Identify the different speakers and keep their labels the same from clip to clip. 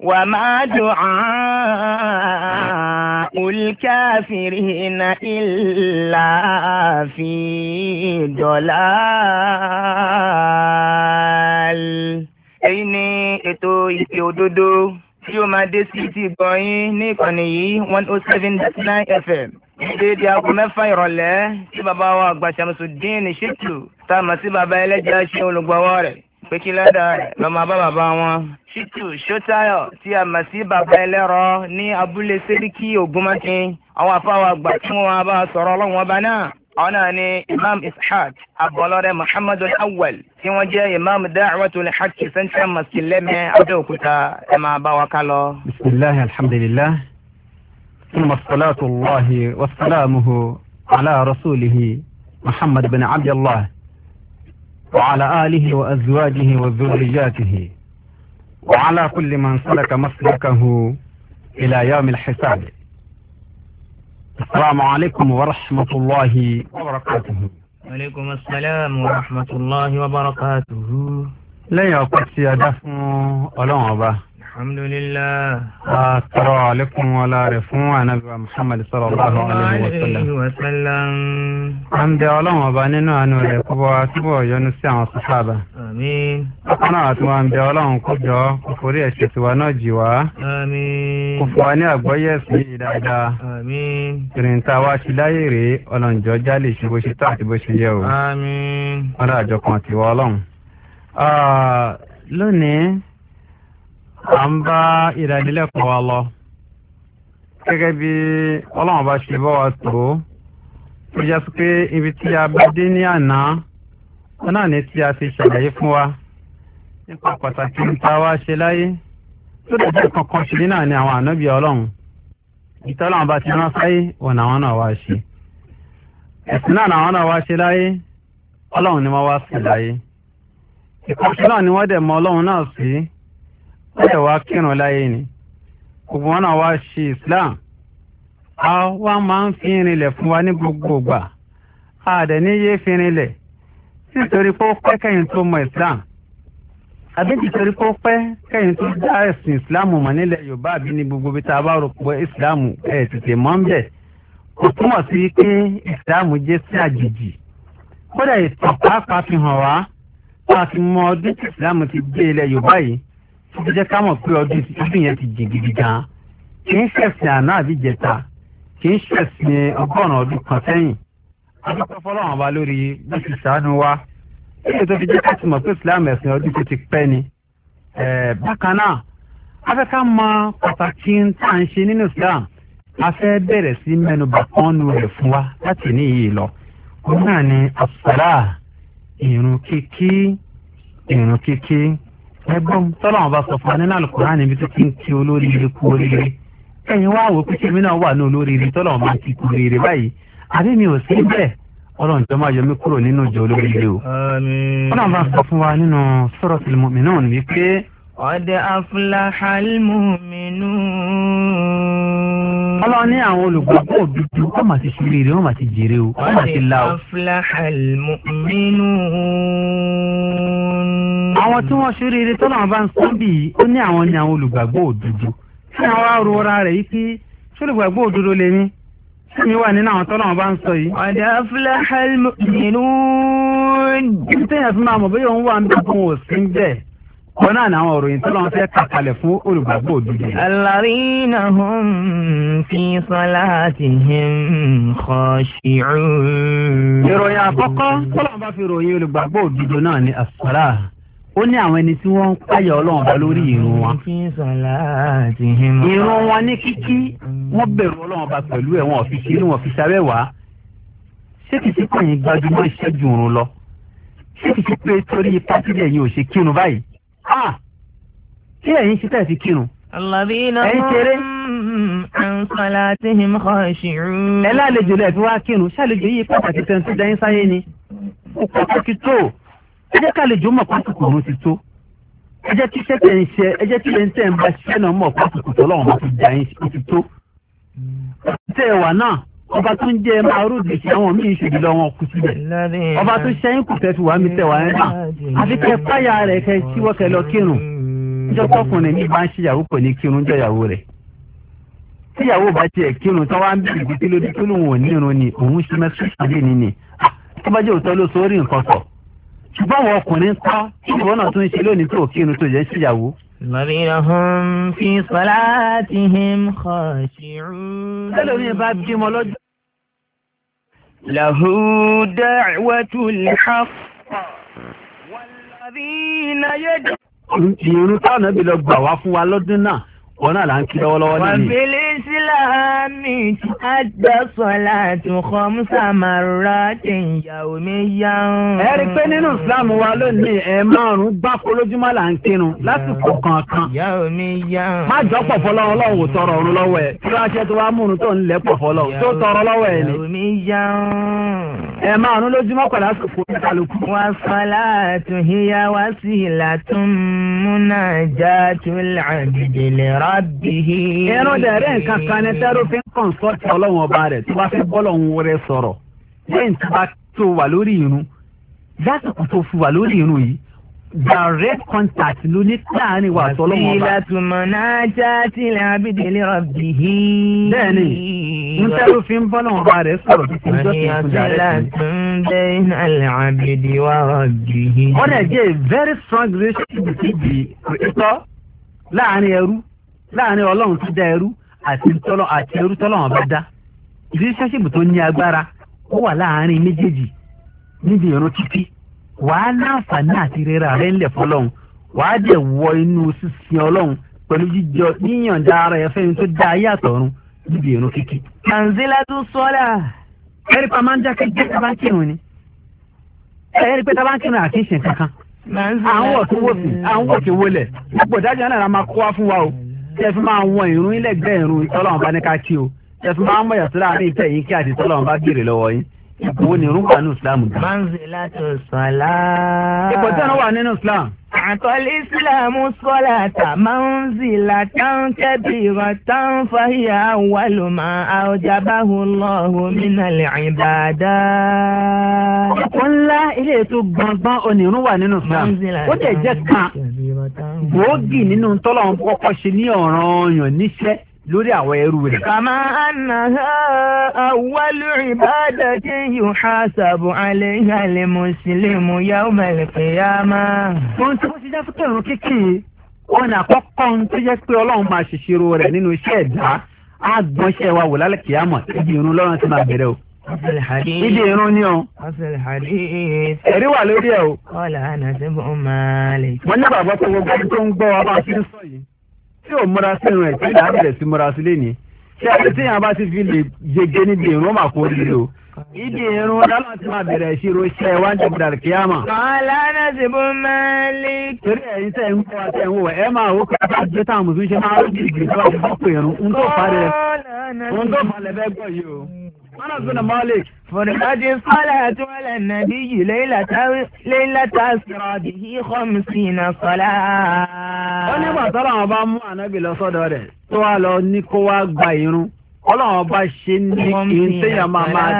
Speaker 1: وما دعاء الكافرين إلا في ضلال èyí ni ètò ìpè òdodo tí ó máa dé sí ti gbọ̀nyìn ní ìkànnì oh aago mẹ́fà ìrọ̀lẹ́ tí bàbá wa àgbà Ṣàmùsùdín ní ṣètò tá a mọ̀ sí bàbá ẹlẹ́jà ṣe olùgbọ̀wọ́ rẹ̀ pé kí ládà rẹ̀ lọ́mọ bá bàbá wọn. ṣítù ṣótáyọ̀ tí a mọ̀ sí bàbá ẹlẹ́rọ ní abúlé sẹ́ríkì ògúnmọ́kin àwọn afáwà gbà tí wọ́n bá sọ̀rọ̀ ọlọ́run ọba náà àwọn náà ni imam ishaq abọlọrẹ muhammadu awal tí wọ́n jẹ́ imam da'watul haqq central mosque lẹ́mẹ̀ abẹ́òkúta ẹ máa bá wa ká lọ.
Speaker 2: bisimilahi alhamdulilah ثم الصلاة الله وسلامه على رسوله محمد بن عبد الله وعلى آله وأزواجه وذرياته وعلى كل من سلك مسلكه إلى يوم الحساب السلام عليكم ورحمة الله
Speaker 1: وبركاته وعليكم السلام ورحمة الله وبركاته
Speaker 2: لا يقصي دفن ألوم alhamdulillah. a tọrọ alekun wala rẹ fún anabiwa muhammad sallallahu alayhi wa sallam. an bẹ ọlọ́run ọba nínú àánú rẹ̀ kó bọ́ àtúbọ̀ yọ́nú sí àwọn sàhábà. àmín. akọ́nà àti wọn bẹ ọlọ́run kó jọ kó forí ẹ̀ṣẹ̀ tiwa náà jì wá. àmín. kó fún wa ní àgbọ́yé ẹ̀sìn yìí dáadáa. àmín. ìrìntà wa ti láyé rèé ọlọ́njọ́ jálè ṣe bó ṣe tó àti bó ṣe yẹ o.
Speaker 1: àmín.
Speaker 2: ọlọ́ à ń bá ìdánilẹ́kọ̀ọ́ wa lọ gẹ́gẹ́ bí ọlọ́run bá ṣe bá wa tó ó jẹ́ pé ibi tí a bá dé ní àná wọn náà ní tí a ti ṣàlàyé fún wa nípa pàtàkì nípa wa ṣe láyé tó dàbí kankan ṣe nínú àná àwọn ànábì ọlọ́run ìtọ́lọ́run bá ti rán sáyé wọn àwọn náà wá ṣe ẹ̀sìn náà àwọn náà wá ṣe láyé ọlọ́run ni wọ́n wá sí láyé ìkọ̀ṣẹ́ náà ni wọ́n dẹ̀ mọ ọlọ́run náà sí ẹ̀ wá kírun láyé ni gbogbo wọn náà wá ṣe islam a wá máa ń fi rinlẹ̀ fún wa ní gbogbo ìgbà a dẹ̀ ní yé fi rinlẹ̀ nítorí pé ó pẹ́ kẹ́yìn tó mọ islam àbí nítorí pé ó pẹ́ kẹ́yìn tó dá ẹ̀sìn islam mọ̀ nílẹ̀ yorùbá àbí ní gbogbo bí tá a bá rò pé islam ẹ̀ tètè mọ́ ń bẹ̀ kò túmọ̀ sí pé islam jẹ́ sí àjèjì kódà ìtàn pàápàá fi hàn wá tá mọ ọdún tí islam ti gbé ilẹ̀ yorùbá yìí ó ti jẹ́ ká mọ̀ pé ọdún tuntun yẹn ti jìn gidi gan-an kì í ṣẹ̀sìn àná àbí jẹta kì í ṣẹ̀sìn ọgọ́rùn-ún ọdún kan sẹ́yìn adúpẹ́ fọlọ́run ọba lórí bí ti ṣàánú wa èyí tó fi jẹ́ ká ti mọ̀ pé Islam ẹ̀sìn ọdún tó ti pẹ́ ni bákan náà a fẹ́ ká mọ pàtàkì tá à ń ṣe nínú Islam a fẹ́ bẹ̀rẹ̀ sí mẹ́nubà kan nu rẹ̀ fún wa láti ní iyì lọ òun náà ni asàlá ìrun kíkí ìrun kíkí ẹgbọ́n tọ́lá wọn bá sọ fún wa nínú àlùkùránì níbi tó ti ń kí olórí kú oríire ẹ̀yin wá wò pípé mi náà wà ní olórí ire tọ́lá bá ti kú oríire báyìí àbí mi ò sí bẹ́ẹ̀ ọlọ́run tó máa yọ mí kúrò nínú ìjọ olórí ire o. ọlọ́run bá sọ fún wa nínú suratul mu'minun wípé. qad aflaha al-mu'minun ọlọ́run ní àwọn olùgbàgbọ́ òdodo wọ́n máa ti ṣeré rẹ̀ wọ́n máa ti jèrè o wọ́n máa ti la o. àwọn tí wọ́n ṣeré rẹ̀ tọ́lá wọn bá ń sọ bí ó ní àwọn ní àwọn olùgbàgbọ́ òdodo tí àwọn arora rẹ̀ yìí pé ṣé olùgbàgbọ́ òdodo lè ní ṣé mi wà nínú àwọn tọ́lá wọn bá ń sọ yìí. ọ̀dà afúláhàlmù nínú. ìdí máa mọ̀ bóyá òun wà ń bí wọn náà náà òròyìn tó lọ́n fẹ́ kàkalẹ̀ fún olùgbàgbọ́ òdodo.
Speaker 1: alárìnà hum fi salatihim
Speaker 2: khashi'un. ìròyìn àkọ́kọ́ kọ́lọ́n bá fi ròyìn olùgbàgbọ́ òdodo náà ní àsàlá ó ní àwọn ẹni tí wọ́n káyọ̀ ọlọ́run bá lórí ìrun wọn. ìrun wọn ní kíkí wọ́n bẹ̀rù ọlọ́run bá pẹ̀lú ẹ̀ wọn ò inú wọn fi sábẹ́ wá. ṣé kìí pé yín gbajúmọ̀ ìṣẹ́jú òrun lọ? ṣé kìí pé torí pátí lẹ́yìn ò ṣe kírun báyìí? kí ẹ̀yin ṣe tẹ̀ fi kírun.
Speaker 1: Àlàbínà
Speaker 2: mú àǹfààlà tí kọ́ ṣìrú. Ẹ lálejò lẹ̀ fi wá kírun, ṣàlejò yìí pàtàkì tẹ̀ tó dẹ́yìn sáyé ni. Ó pàtàkì tó. Ẹ jẹ́ kálejò mọ̀ pàtàkì òun ti tó. Ẹ jẹ́ kí sẹ́tẹ̀ ń ṣe, ẹ jẹ́ kí lẹ́yìn tẹ̀ ń bá ṣiṣẹ́ náà mọ̀ pàtàkì tó lọ́wọ́ máa fi dẹ́yìn ti tó. Tẹ̀ wà náà, ọba tó ń máa rúdi sí àwọn míì ṣèjì lọ kù síbẹ̀. Ọba tó ṣẹ́yìn kù tẹ̀ fi wà mí tẹ̀ wà ẹ̀ náà. Àfikẹ́ páyà rẹ̀ kẹ́ síwọ́kẹ́ lọ kírun jọ́tọ́kùnrin ní bá ń ṣèyàwó kò ní kírun jọ̀yàwó rẹ̀ tíyàwó bá tiẹ̀ kírun tó wá ń bèrè ibi tí lóde tó lóun ò ni òun ṣe mẹ́sàn-án lé ah, tó bá jẹ́ òótọ́ ló sọ orí nǹkan sọ ṣùgbọ́n àwọn ọkùnrin kọ́ ìwọ náà tún ṣe lónìí tó kírun tó jẹ́ síyàwó.
Speaker 1: Ìlọ́rìnàhùn fi salatihim
Speaker 2: khashi'un. Tẹ́lẹ̀ bá bímọ lọ́jọ́. Lahu da'watul haqq.
Speaker 1: Wal ladhina yad'un
Speaker 2: ìrún táwọn ẹbí lọ gbà wá fún wa lọ́dún náà wọn náà là ń kí lọ́wọ́lọ́wọ́ nìyí.
Speaker 1: wàbílí sílámì àdàsọ̀là àtúnkọ́ mùsàmárà ti ń yàwó mi yá ń. ẹ rí i
Speaker 2: pé nínú ìsìlámù wa lónìí ẹ márùn-ún gbáko lójúmọ́ là ń kírun lásìkò kankan. yàwó mi yá ń. má jọ pọ̀fọ́ lọ́wọ́ lọ́wọ́ tọrọ ọ̀run lọ́wọ́ ẹ̀ tí wọ́n ṣe tó wá múrun tó ń lẹ̀ pọ̀fọ́ lọ́wọ́ tó tọrọ lọ́wọ́ ẹ̀ ni. yàwó
Speaker 1: mi yá ń ẹ máa ń lójúmọ́ pẹ̀lú àsìkò
Speaker 2: àbíhí. ẹran dẹ̀rẹ́ nǹkan kan ní tẹ́rù fi ń kọ̀ǹsọ́ọ̀tì ọlọ́run ọba rẹ̀ tó bá fẹ́ bọ́lọ̀hún rẹ̀ sọ̀rọ̀ lẹ́yìn tó bá tó wà lórí irun lásìkò tó fi wà lórí irun yìí direct contact ló ní láàrin wa àtọ́lọ́mọba. àtìlá tùmọ̀ náà já tilẹ̀ abídélé rọ̀bì hí. bẹ́ẹ̀ni nítorí fi ń bọ́lá ọba rẹ̀
Speaker 1: sọ̀rọ̀ tuntun jàre. àtìlá tún bẹ́ẹ̀ alẹ́ abídé
Speaker 2: very strong relationship between the creator láàrin ẹrú láàrin ọlọ́run tó dá ẹrú àti tọ́lọ́ àti ẹrú tọ́lọ́run bá dá ìrísẹ́sìbù tó ní agbára ó wà láàrin méjèèjì níbi ìrún títí wàá láǹfààní àti rírà rẹ ńlẹ̀ fọlọ́run wàá dẹ̀ wọ inú sísin ọlọ́run pẹ̀lú jíjọ yíyànjá ara ẹ̀fẹ́ yín tó dá ayé àtọ̀run níbi ìrún kíkí. tanzila tún sọ́lá ẹ̀rí pa máa ń dákẹ́ jẹ́ tabánkìrún ni ẹ̀rí pé tabánkìrún àkíńṣe kankan à ń wọ̀ tó wọ̀ à ń wọ̀ tó wọlẹ̀ ipò náà la máa kó wá fún wa o tẹ́fí máa wọn ìrún ilẹ̀gbẹ́ ìrún tọ́lọ́run bá ní ká kí o tẹ́fí máa mọ̀ yàtọ̀ láàrin ìtẹ̀ yín kí àti tọ́lọ́run bá béèrè lọ́wọ́ yín ìkòwò ní irun wà ní Islam dá.
Speaker 1: manzilatu
Speaker 2: sọlá. ipò tí wọn wà nínú Islam.
Speaker 1: àkọlé ìsìlámù sọlá ta manzilatan kabiratan fahiya awwaluma awjabahu Allahu minal
Speaker 2: ibadat. ìpò
Speaker 1: ńlá ilé ètò
Speaker 2: gbọ̀ngbọ̀n onírun wà nínú Islam ó dẹ̀ jẹ́ kan gbòógì nínú tọ́lọ́run kọ́kọ́ ṣe ní ọ̀ràn ọ̀yàn níṣẹ́ lórí àwọn ẹrú rẹ̀. kàmá ànàhà àwọlù
Speaker 1: ìbàdàn tí yóò ha sàbò alẹ́ ìhàlẹ̀ mùsùlùmù yàwó mẹ́lẹ̀kẹ́
Speaker 2: yá máa. wọ́n ti wọ́n ti jẹ́ fúkẹ́ ìrún kékeré wọn àkọ́kọ́ ń tó jẹ́ pé ọlọ́run máa ṣèṣirò rẹ̀ nínú iṣẹ́ ẹ̀dá á wa wò lálẹ́ kìámọ̀ ẹ̀jẹ̀ ìrún lọ́rùn ti máa bẹ̀rẹ̀ o.
Speaker 1: Ìdí irun ni o. Ẹ̀rí wà lórí ẹ̀ o. Kọ́lá Nàṣẹ́bù Màálè.
Speaker 2: Wọ́n ní bàbá tó gbogbo ẹni tó ń gbọ́ wa bá a ti ń sọ yìí. Tí ò múra sí irun ẹ̀ tí ìyá bẹ̀rẹ̀ sí múra sí lénìí. Ṣé àti tí ìyàn bá ti fi lè yege níbi irun mà kó líle o? Ìdí irun lálọ́ ti máa bẹ̀rẹ̀ ìṣirò iṣẹ́ wa ń jẹ́ bùdàrí kíámà. Kọ́lá Nàṣẹ́bù Màálè. Torí ẹ̀yin máa wò pé a ti gbé táwọn mùsùlùmí ṣe ń gbìgbì tó a ti Anas bin
Speaker 1: Malik. فرقد الصلاة على النبي ليلة ليلة أسرى به خمسين صلاة. wọ́n nígbà tọ́lá wọn bá mú ànábì lọ sọ́dọ̀
Speaker 2: rẹ̀ tó wá lọ ní kó wá gba irun ọlọ́wọ́n bá ṣe ní kí n téèyàn máa máa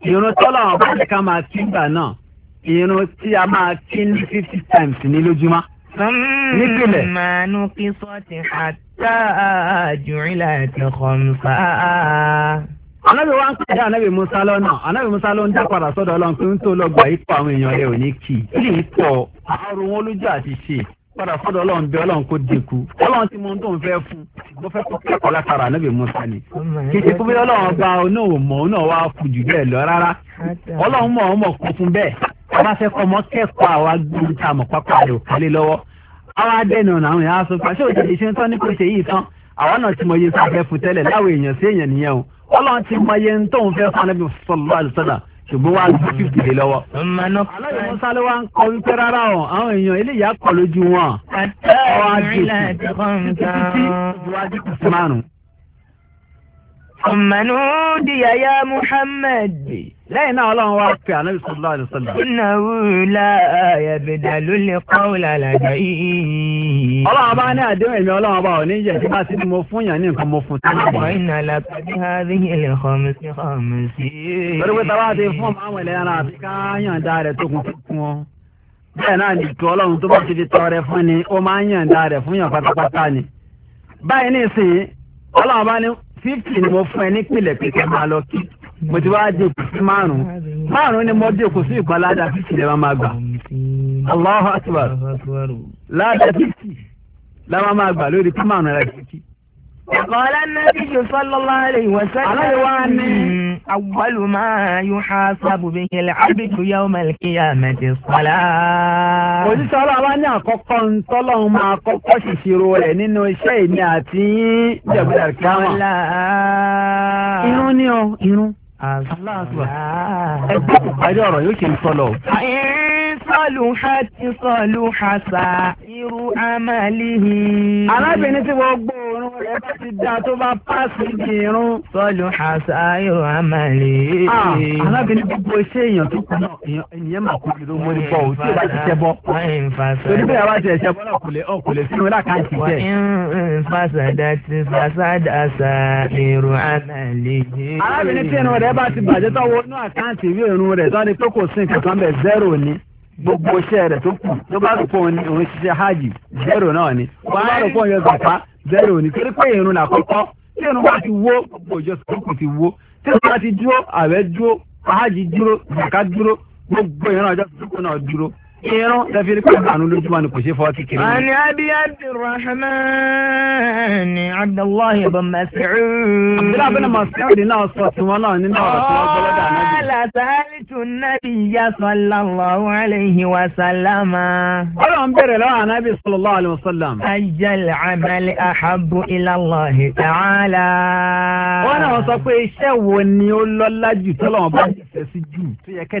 Speaker 1: kí irun tọ́lá
Speaker 2: wọn bá ní ká máa kí gbà náà irun tí a máa kí ní fifty times ní lójúmọ́. nípìnlẹ̀.
Speaker 1: màánú kí sọ́ọ̀tì
Speaker 2: àtàjùrìlà ẹ̀kọ́ ń fa anabi wa ń pàdé anabi musa lọ́nà anabi musa ló ń dá padà sọ́dọ̀ ọlọ́run pé ń tó lọ gbà ipò àwọn èèyàn rẹ̀ ò ní kì í kí ni pọ̀ àárò wọn lójú àti ṣe padà sọ́dọ̀ ọlọ́run bí ọlọ́run kò dínkù ọlọ́run ti mú ohun tó ń fẹ́ fún bó fẹ́ kọ́ kẹ́kọ̀ọ́ látara anabi musa ni kì í ṣe pé ọlọ́run bá ọ̀nà òmọ̀ ọ̀nà wa kù jù bẹ́ẹ̀ lọ rárá ọlọ́run mọ̀ ọmọ kún fún bẹ́ẹ̀ bá fẹ́ kọ́ ọmọ kẹ́kọ̀ọ́ àwa gbóhùn tá a mọ̀ pápá rẹ̀ ò kálé lọ́wọ́ àwa dẹ́nu ọ̀nà àwọn èèyàn á sọ pé náà ti mọ iye sáfẹ́ fún tẹ́lẹ̀ láwọn èèyàn sí èèyàn nìyẹn o ọlọ́run ti mọ iye tó fẹ́ fún anabi sọlọ́ àdìsọ́dà ṣùgbọ́n wàá gbé fífi lé lọ́wọ́. aláyọ̀ mọ́sálẹ́ wa ń kọ wípé rárá o àwọn èèyàn eléyìí á kọ lójú wọn. ọwọ́ adé títí ìwádìí kò sí márùn-ún. ọ̀mọ̀nù dìyà
Speaker 1: ya lẹ́yìn náà ọlọ́run wá pé ànábì sallallahu alaihi wasallam. ìnáwó láàyè bèdà ló lè kọ́ làlàjà yìí. ọlọ́run bá ní àdéhùn èmi ọlọ́run bá
Speaker 2: ò ní yẹ kí bá sí ni mo fún yàn ní nǹkan mo fún tẹ́lẹ̀. àwọn iná làkàdé hàrí ilẹ̀ xọ́mùsí xọ́mùsí. lórí pé táwa ti fún ọmọ àwọn ẹlẹ́yàrá àti káyàn dá rẹ̀ tó kún fún wọn. bẹ́ẹ̀ náà ni ìtú ọlọ́run tó bá ti mo ti wá dé sí márùn márùn ni mo dé sí ìpaládà fífi lè máa gbà Allahu akbar ládà fífi la máa gbà lórí kí márùn rẹ fífi.
Speaker 1: Qala wa ní.
Speaker 2: àkọ́kọ́ ń tọ́lọ́hún máa kọ́kọ́ ṣìṣirò rẹ̀ nínú iṣẹ́ ìní àti yín jẹ̀bú dàrú Irun ni ọ, irun
Speaker 1: ẹgbẹ́ òkú parí ọ̀rọ̀ yóò ṣe ń sọ lọ. صلحت صلح سائر عمله arábìnrin tí
Speaker 2: gbogbo òórùn rẹ̀ bá ti dá tó bá pàṣẹ ìgbìrún.
Speaker 1: صلح سائر عمله. arábìnrin gbogbo iṣẹ́ èèyàn tó kù náà ènìyàn máa kú kìló mórí bọ́ ò tí o bá ti ṣẹ́ bọ́. torí bẹ́ẹ̀ wá ti ẹ̀ṣẹ̀ bọ́lá
Speaker 2: kò lè ọ̀ kò lè sínú lákàntì jẹ́. fasada ti fasada سائر عمله. arábìnrin tí irun rẹ̀ bá ti bàjẹ́ tó wọnú àkáǹtì ìwé irun rẹ̀ tó ní pé kò sí nǹkan kan bẹ̀ zẹ́rò ni gbogbo iṣẹ́ rẹ̀ tó kù tó bá rò pé òun ni òun ṣiṣẹ́ hajj zero náà ni tó bá rò pé òun yọ zàpá zero ni torí pé irun là kọ́kọ́ tí irun bá ti wó gbogbo ìjọsìn tó kù ti wó tí irun bá ti dúró àwẹ̀ dúró hajj dúró zàká dúró gbogbo ìran ọjọ́ tó kù náà dúró irun tẹ́fi ní pẹ̀lú àánú lójúmọ́ ni kò ṣe fọ́ kékeré. ani
Speaker 1: abi abdulrahman abdullahi ibn mas'ud. abdullahi ibn mas'ud náà sọ tiwọn náà nínú ọ̀rọ̀ tí wọ́n gbọ́dọ̀ dáná jù. ala salitu nabiyya sallallahu alayhi wa sallama. ọ̀rọ̀ ń bẹ̀rẹ̀ lọ́wọ́ anabi sallallahu alayhi wa sallam. ajal amali ahabu ilallahi ta'ala. wọ́n náà sọ pé iṣẹ́ wo ni ó lọ́lá jù tọ́lọ́wọ́n bá ń
Speaker 2: ṣiṣẹ́ sí jù tó yẹ kẹ́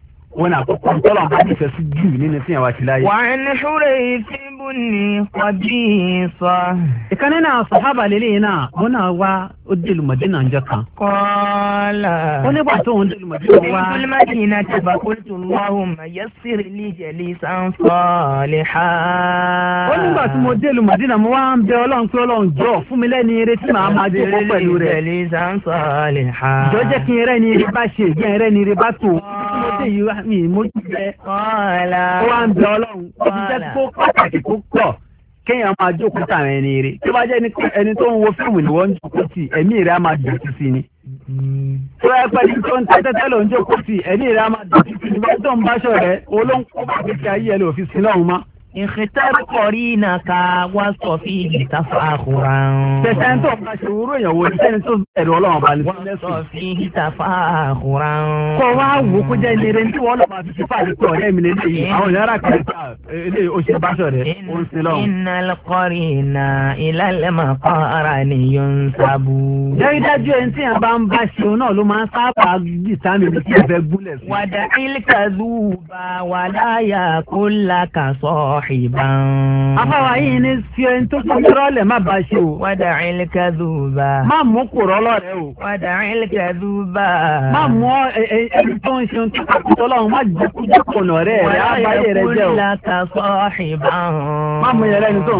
Speaker 2: wọn àkọ́kọ́ tọ́lọ̀ bá ti fẹ́sí jù nínú tí yẹn wá ti láyé. wàá ní ṣúrẹ́ ìfíbù ní kọjú sọ. ìkànnì náà sọ̀hábà lélẹ̀ náà wọn náà wá ó dèlù mọ̀dínà ń jẹ kan. kọ́lá. ó ní wàá tó ń dèlù mọ̀dínà wá. ní mọ̀dínà ti
Speaker 1: bá kóòtù lọ́hùn mayẹ́ sírì lìjẹ̀ lì sanfọ́ọ̀lì ha. ó nígbà
Speaker 2: tí mo dèlù mọ̀dínà mo wá ń bẹ ọlọ́run pé ọlọ́run jọ fún mi lẹ́ni eré tí màá máa jó pẹ̀lú rẹ̀. jọ jẹ́ kí n rẹ́ ni eré bá ṣe ìgbẹ́ rẹ́ ni eré bá tó. mo dé yìí wá mi mójú jẹ. kọ́ọ̀lá wá ń bẹ ọlọ́run ó ti jẹ́ kó pàtàkì kó pọ̀ kéèyàn máa jókòó tààrin ẹni rè tó bá jẹ́ ẹni tó ń wo fíìmù ni wọ́n ń jókòó tì ẹ̀mí rẹ̀ á máa dùn sí ni tó ẹ pẹ́ni tó ń tẹ́tẹ́tẹ́ ló ń jókòó tì ẹ̀mí rẹ̀ á máa dùn sí ni bá tó ń bá ṣọ̀rẹ́ olóńkó bá kékeré ayé ẹ lè òfin sílẹ̀ ọ̀hún mọ́ ìkìtàrí kọ̀rí iná ka wá sọ fi ìta fàákùrà. tẹ̀sán tó bá ṣe wúrò èèyàn wo ni sẹ́ni tó ẹ̀rọ ọlọ́run bá ní. wọ́n sọ fi ìta fàákùrà. kọ́ wa wò ó kó jẹ́ eléré tí wọ́n lọ máa fi sípà lè pẹ́ ọ̀rẹ́ mi lè léyìí àwọn èèyàn rà kiri
Speaker 1: ilé oṣù báṣọ rẹ̀ ó ń sin lọ. iná kọrí iná ìlàlẹ̀ máa kọ́ ara nìyọ sábú. dájúdájú mi bí kí ẹ fẹ́ gúnlẹ̀ sí. wàdà ilkazú صاحبا afáwa yìí ní fi ẹni tó fún tírọ́lẹ̀ má bàa ṣe o. wàdà ìlíkà dùbà. má
Speaker 2: mú kúrọ́ lọ́rẹ́ o. wàdà ìlíkà dùbà. má mú ẹni tó ń ṣeun tó kàkú tọ́lọ́ má jẹ́kú jẹ́kùnà rẹ̀ rẹ̀ abáyé rẹ̀ jẹ́ o. wàdà ìlíkà sọ́ọ̀hìbá. má mú yẹrẹ ẹni tó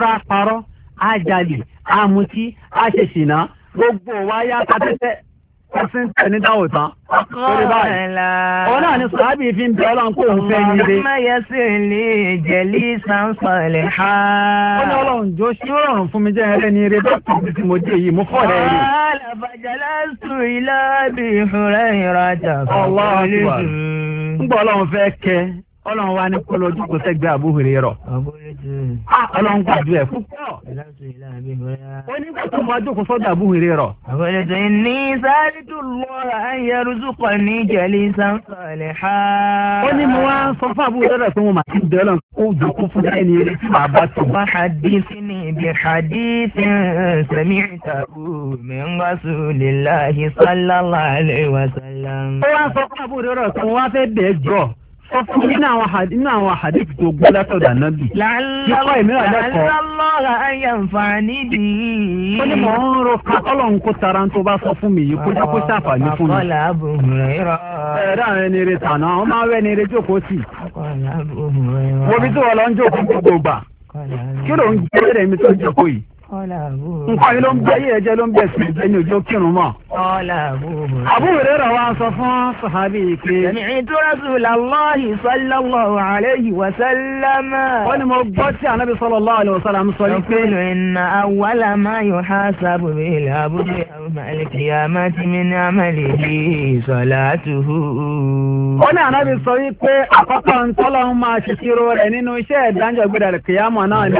Speaker 2: ń bá àjàlè àmutí àṣèṣìnà gbogbo wáyà kátẹ́tẹ́ kọsíntẹ̀ ní dáwọ̀ tán. torí báyìí
Speaker 1: òun náà ni sàábì
Speaker 2: fi ń bẹ ọlọ́run kó òun
Speaker 1: fẹ́ ní ilé. ọmọ yẹn sì lè jẹ̀lí
Speaker 2: sàǹsọ̀lẹ̀ ha. ó ní ọlọ́run jó sí ọ̀rùn fún mi jẹ́ ẹlẹ́ni eré dókítà mi tí mo dé yìí mo fọ́ rẹ̀ rí.
Speaker 1: alábàjálá sùn
Speaker 2: ilá bí
Speaker 1: ìfúnra ìrajà.
Speaker 2: ọlọ́run ń gbọ́ ọlọ́run fẹ́ kẹ́ ọlọ́run wa ní kọlọ́jú kò sẹ́gbẹ́ àbúrò rẹ̀ rọ̀. ọlọ́run gbàdúrà fún
Speaker 1: ó ní kó tó máa jókòó sọ́dọ̀ àbúwèrè rọ̀. àbẹ̀lẹ̀tẹ̀ ní sáàlìtù lọ́ra ayẹrùsùpọ̀ ní jẹ̀lí sáńsọ̀lẹ̀ ha. ó ní mo wá
Speaker 2: sọ fún àbúwèrè rẹ̀ pé mo máa ti bẹ̀rẹ̀ lọ kó jókòó fún ẹni rẹ̀ tí màá bá
Speaker 1: tó. wọ́n hadithi ni ibi hadithi sami ìtàkù mi ń wá sùlì láhi
Speaker 2: sálálà àlẹ́ wa sálám. ó wá sọ fún àbúwèrè rẹ̀ pé mo wá fẹ́ bẹ̀ẹ́ jọ nínú àwọn àhàdí nínú àwọn àhàdí tó gbọ́ látọ̀dọ̀ ànábì. lálọ́ lálọ́ra
Speaker 1: ayé nfààní bì í. ó ní mò ń
Speaker 2: ro ká ọlọ́run kó tara tó bá sọ fún mi yìí kó jẹ́ kó fún mi. ọ̀la àbùrẹ́rọ̀. ẹ̀rọ àwọn ẹni rẹ tàná wọ́n máa ń wẹ́ rẹ jókòó sí.
Speaker 1: ọ̀la àbùrẹ́rọ̀. wo bí tí wọ́n
Speaker 2: lọ ń jókòó gbogbo gbà. kí ló ń gbé ẹ̀rẹ̀ mi tó jókòó yìí.
Speaker 1: ọ̀la àbùrẹ́rọ̀.
Speaker 2: nǹkan yìí
Speaker 1: Kọ́lá àbúrò. Àbúrò
Speaker 2: rẹ̀ wá sọ fún Sàhábì pé. Ẹ̀mí tó Rasulullahi sallallahu alayhi wa sallam. Wọ́n ní mo gbọ́ tí Ànábì sallallahu alayhi wa sallam sọ yìí pé.
Speaker 1: Ọkùnrin inna awwala ma yuhasabu bil abdi yawma al-qiyamati min
Speaker 2: amalihi salatuhu. Ó ní Ànábì sọ yìí àkọ́kọ́ ń máa ṣe ìṣirò rẹ̀ nínú iṣẹ́ ìdánjọ́ gbẹ̀dẹ̀ kìyàmọ̀ náà ní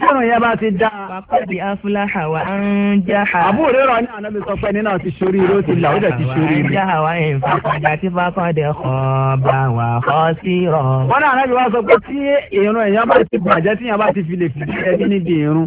Speaker 2: Bọ́ọ̀rùn yẹn bá ti dáa. Wàkọ́dì Afúláhà wa ń jáha. Àbúrò rírọ̀ ní ànábi sọ pé nínú ti sori irú ti là ó dẹ̀ ti sori irú. Jáha wa ń fa padà tí fákọ́dì kan bá wà kọ́ sí rọ̀. Wọ́n ní ànábi wá sọ pé tí ìrun èèyàn bá ti bàjẹ́ tí èèyàn bá ti fi lè fi ẹni níbi ìrun.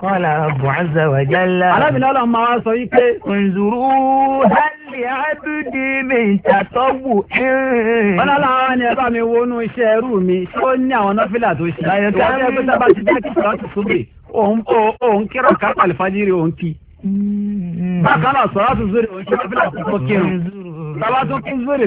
Speaker 2: Kọ́lá Rabbu Azza wa Jalla. Alábìnrin ọlọ́run máa wá sọ yí pé. Ǹzùrú Hálì Ábídì mi ṣàtọ́wù. Ọlọ́lá wa ni ẹ bá mi wọnú iṣẹ́ ẹrú mi. Ṣé ó ní àwọn nọ́fìlà tó ṣe? Ìwádìí ẹgbẹ́ sábà ti jẹ́ kí ìṣòro ti súnbì. Òun kírọ̀ kápá àlìfájírì òun kí. Hmm. Bákan náà sọ̀rọ̀ àtúnṣe òun ṣe nọ́fìlà tó kírun. Bàbá tó kí ń zúrì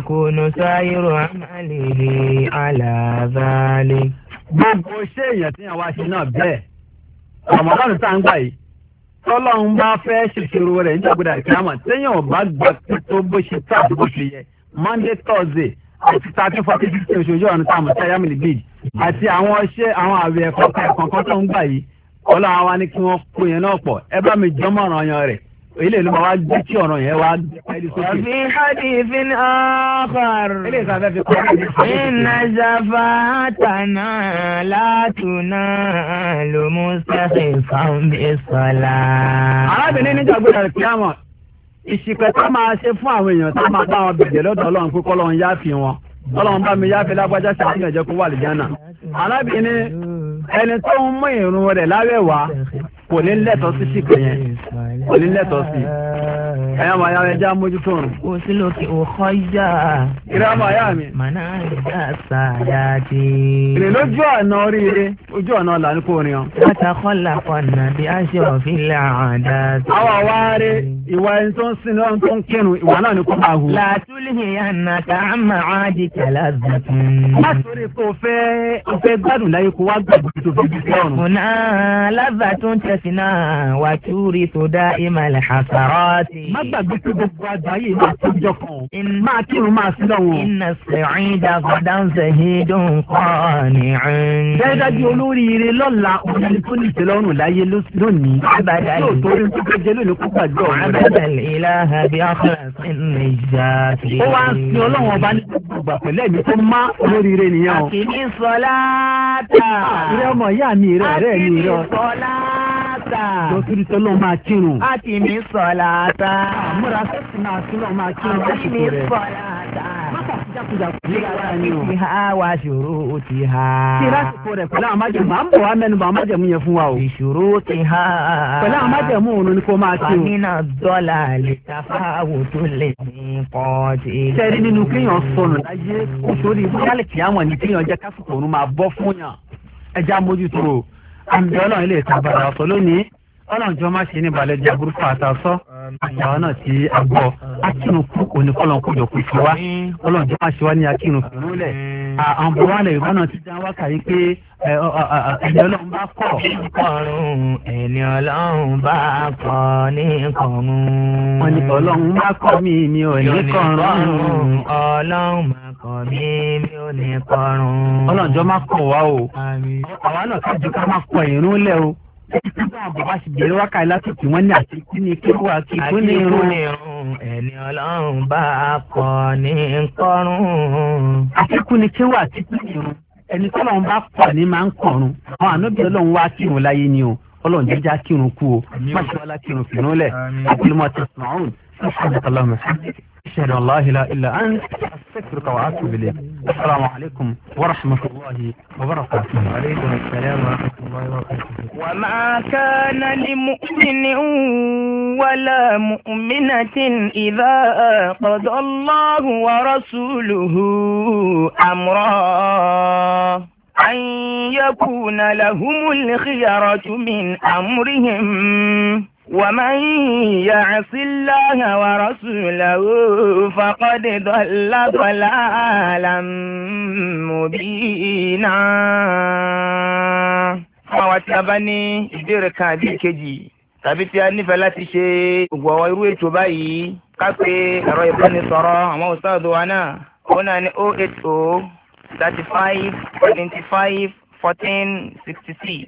Speaker 1: yakunu sayiru amalihi ala zalik. gbogbo
Speaker 2: ṣé èèyàn tí àwa ṣe náà bẹ́ẹ̀ ramadan tá ń gbà yìí tọ́lọ́run bá fẹ́ ṣèṣirò rẹ̀ níjàgbọ́dà ìkírámà téèyàn ò bá gbà tó bó ṣe tó àti ṣe yẹ monday thursday àti thirteen forty fifty oṣooṣù ọ̀nà tá a mọ̀ sí àti àwọn iṣẹ́ àwọn àwẹ̀ ẹ̀kọ́ kan tó ń gbà yìí ọlọ́run wa ni kí wọ́n kó yẹn náà pọ̀ ẹ bá mi jọmọ̀ràn yan rẹ̀ ilé ìlú máa wá jẹ́ kí ọ̀ràn yẹn wá pẹ́ẹ́lí
Speaker 1: sókè. ọ̀bí hadithin akhar. ilé ìsàfẹ́ fi kọ́ ọ́ ní. iná ṣàfà tànà látùnà ló mú sẹ́fẹ̀ fáwọn sọ́la. arábìnrin níjà gbọdọ̀ kí á mọ̀
Speaker 2: ìṣìpẹ̀ tá máa ṣe fún àwọn èèyàn tá máa bá wọn bẹ̀jẹ̀ lọ́dọ̀ ọlọ́run pé kọ́lọ́run yá fi wọn kọ́lọ́run bá mi yá fi lágbájá ṣàfihàn kó wà lìjánà. arábìnrin ẹni tó ń mú ìrun rẹ̀ láwẹ̀ wá kò ní lẹ́tọ̀ọ́ sí ṣìpẹ̀ yẹn kò ní lẹ́tọ̀ọ́ sí ẹ̀yà máa yára ẹja mójútó rùn. kò sí lókè òkò yá. ìrẹ́ àmọ́ àyà mi. màná ìdá
Speaker 1: sàdáàdì. èrè lójú
Speaker 2: ọ̀nà oríire ojú ọ̀nà ọ̀là ní kò rìn ọ. látàkọ́lá kọ̀nà bí a ṣe òfin làǹdà. àwọn àwa rẹ ìwà ẹni tó ń sin ní ọ̀n tó ń kírun ìwà náà ni kò máa hù. làtúlì
Speaker 1: yànnà ká máa di kẹlẹ
Speaker 2: zùkún. látòrí kò fẹ́ o fẹ́ gbádùn láyé kó wá gbàgbé tó fi bí ọ̀run
Speaker 1: gbàgbé pé gbogbo àgbáyé máa tó jọ kan. máa kírun máa sí lọ́wọ́. iná sẹ̀yìn dàgbàdà ń sẹ̀yìn dùn kọ́ ni. dájúdájú olóríire lọ́la òun tó ní ìtẹ́lọ́rùn láyé lónìí. abàdà yìí yóò torí tó jẹ́ lónìí kó gbàgbé ọ̀rọ̀ rẹ̀. abàdà ìlà àbí akọ̀làsí ni ìjà ti. ó wá ń sin ọlọ́run ọba ní gbogbo ìgbà
Speaker 2: mi tó má olóríire nìyẹn o. sọlá tà múra máa kí lọ́ọ́ máa kí lọ́ọ́ lásìkò rẹ̀ wa ṣòro ti ha. tí lásìkò rẹ̀ pẹ̀lú àwọn à ń bọ̀ wá mẹ́nuba àwọn májẹ̀mú yẹn fún wa o. ìṣòro ti ha. pẹ̀lú àwọn òun ni kò máa kí o. fàmínà dọ́là lè tafa tó lè ní pọ́ọ̀tì. sẹ́ẹ̀rí nínú kéèyàn sọnù láyé kó sórí ìfúyàlẹ̀ kí àwọn ní kéèyàn jẹ́ kásìkò òun máa bọ́ fún yàn. ẹja mójútó àmì ọlọ́run ilé ìta ọ̀sọ́ lónìí ọlọ́run jọ má ṣe ní balẹ̀ jẹ́ burúkú àtàsọ́ àtàwọn náà ti àgbọ̀ akínú kú òní kọ́lọ́n kójọ kò sí wa kọ́lọ́n jẹ́ máa ṣe wá ní akínú fún un lẹ̀ àwọn bọ̀ wálẹ̀ yorùbá náà ti dá wákà pé ẹni ọlọ́run bá kọ̀.
Speaker 1: kọrùn ẹni ọlọ́run bá kọ̀ ní kọrùn.
Speaker 2: wọ́n ọlọ́run bá kọ̀ mí mi ò ní kọrùn. ọlọ́run bá kọ̀ mí mi ò ní kọrùn. ọlọ́run máa kọ̀ wá o àwa náà ká ju ká máa kọ ìrún lẹ̀ o bàbá sì bẹ̀rẹ̀ wákàtí lásìkò wọn ní àti ni kí wà kí kún ní irun.
Speaker 1: ẹni ọlọ́run bá a kọ́ ní kọ́rùn.
Speaker 2: àtikún ni kí wà kí kún ní irun ẹni tọ́lọ́run bá pọ̀ ní máa ń kọ̀run àwọn ànábìyẹ ọlọ́run wá kírun láyé ni o ọlọ́run jẹ́jà kírun kú o má ṣe wá lá kírun fìrún lẹ̀ àti lọ́mọ tẹ̀sán ọ̀hún. سبحانك اللهم وبحمدك أشهد أن لا إله إلا أنت أستغفرك وأتوب إليك السلام عليكم ورحمة الله وبركاته وعليكم السلام ورحمة الله وبركاته
Speaker 1: وما كان لمؤمن ولا مؤمنة إذا قضى الله ورسوله أمرا أن يكون لهم الخيرة من أمرهم ومن يعص الله ورسوله فقد ضل ضلالا مبينا fún àwa tí a bá ní ìbéèrè kan àbí ìkejì tàbí tí a nífẹ̀ẹ́ láti ṣe gbọ̀wọ́ irú ètò báyìí ká pé ẹ̀rọ ìbánisọ̀rọ̀ àwọn ustaz wa náà ó náà ní oh eight oh thirty five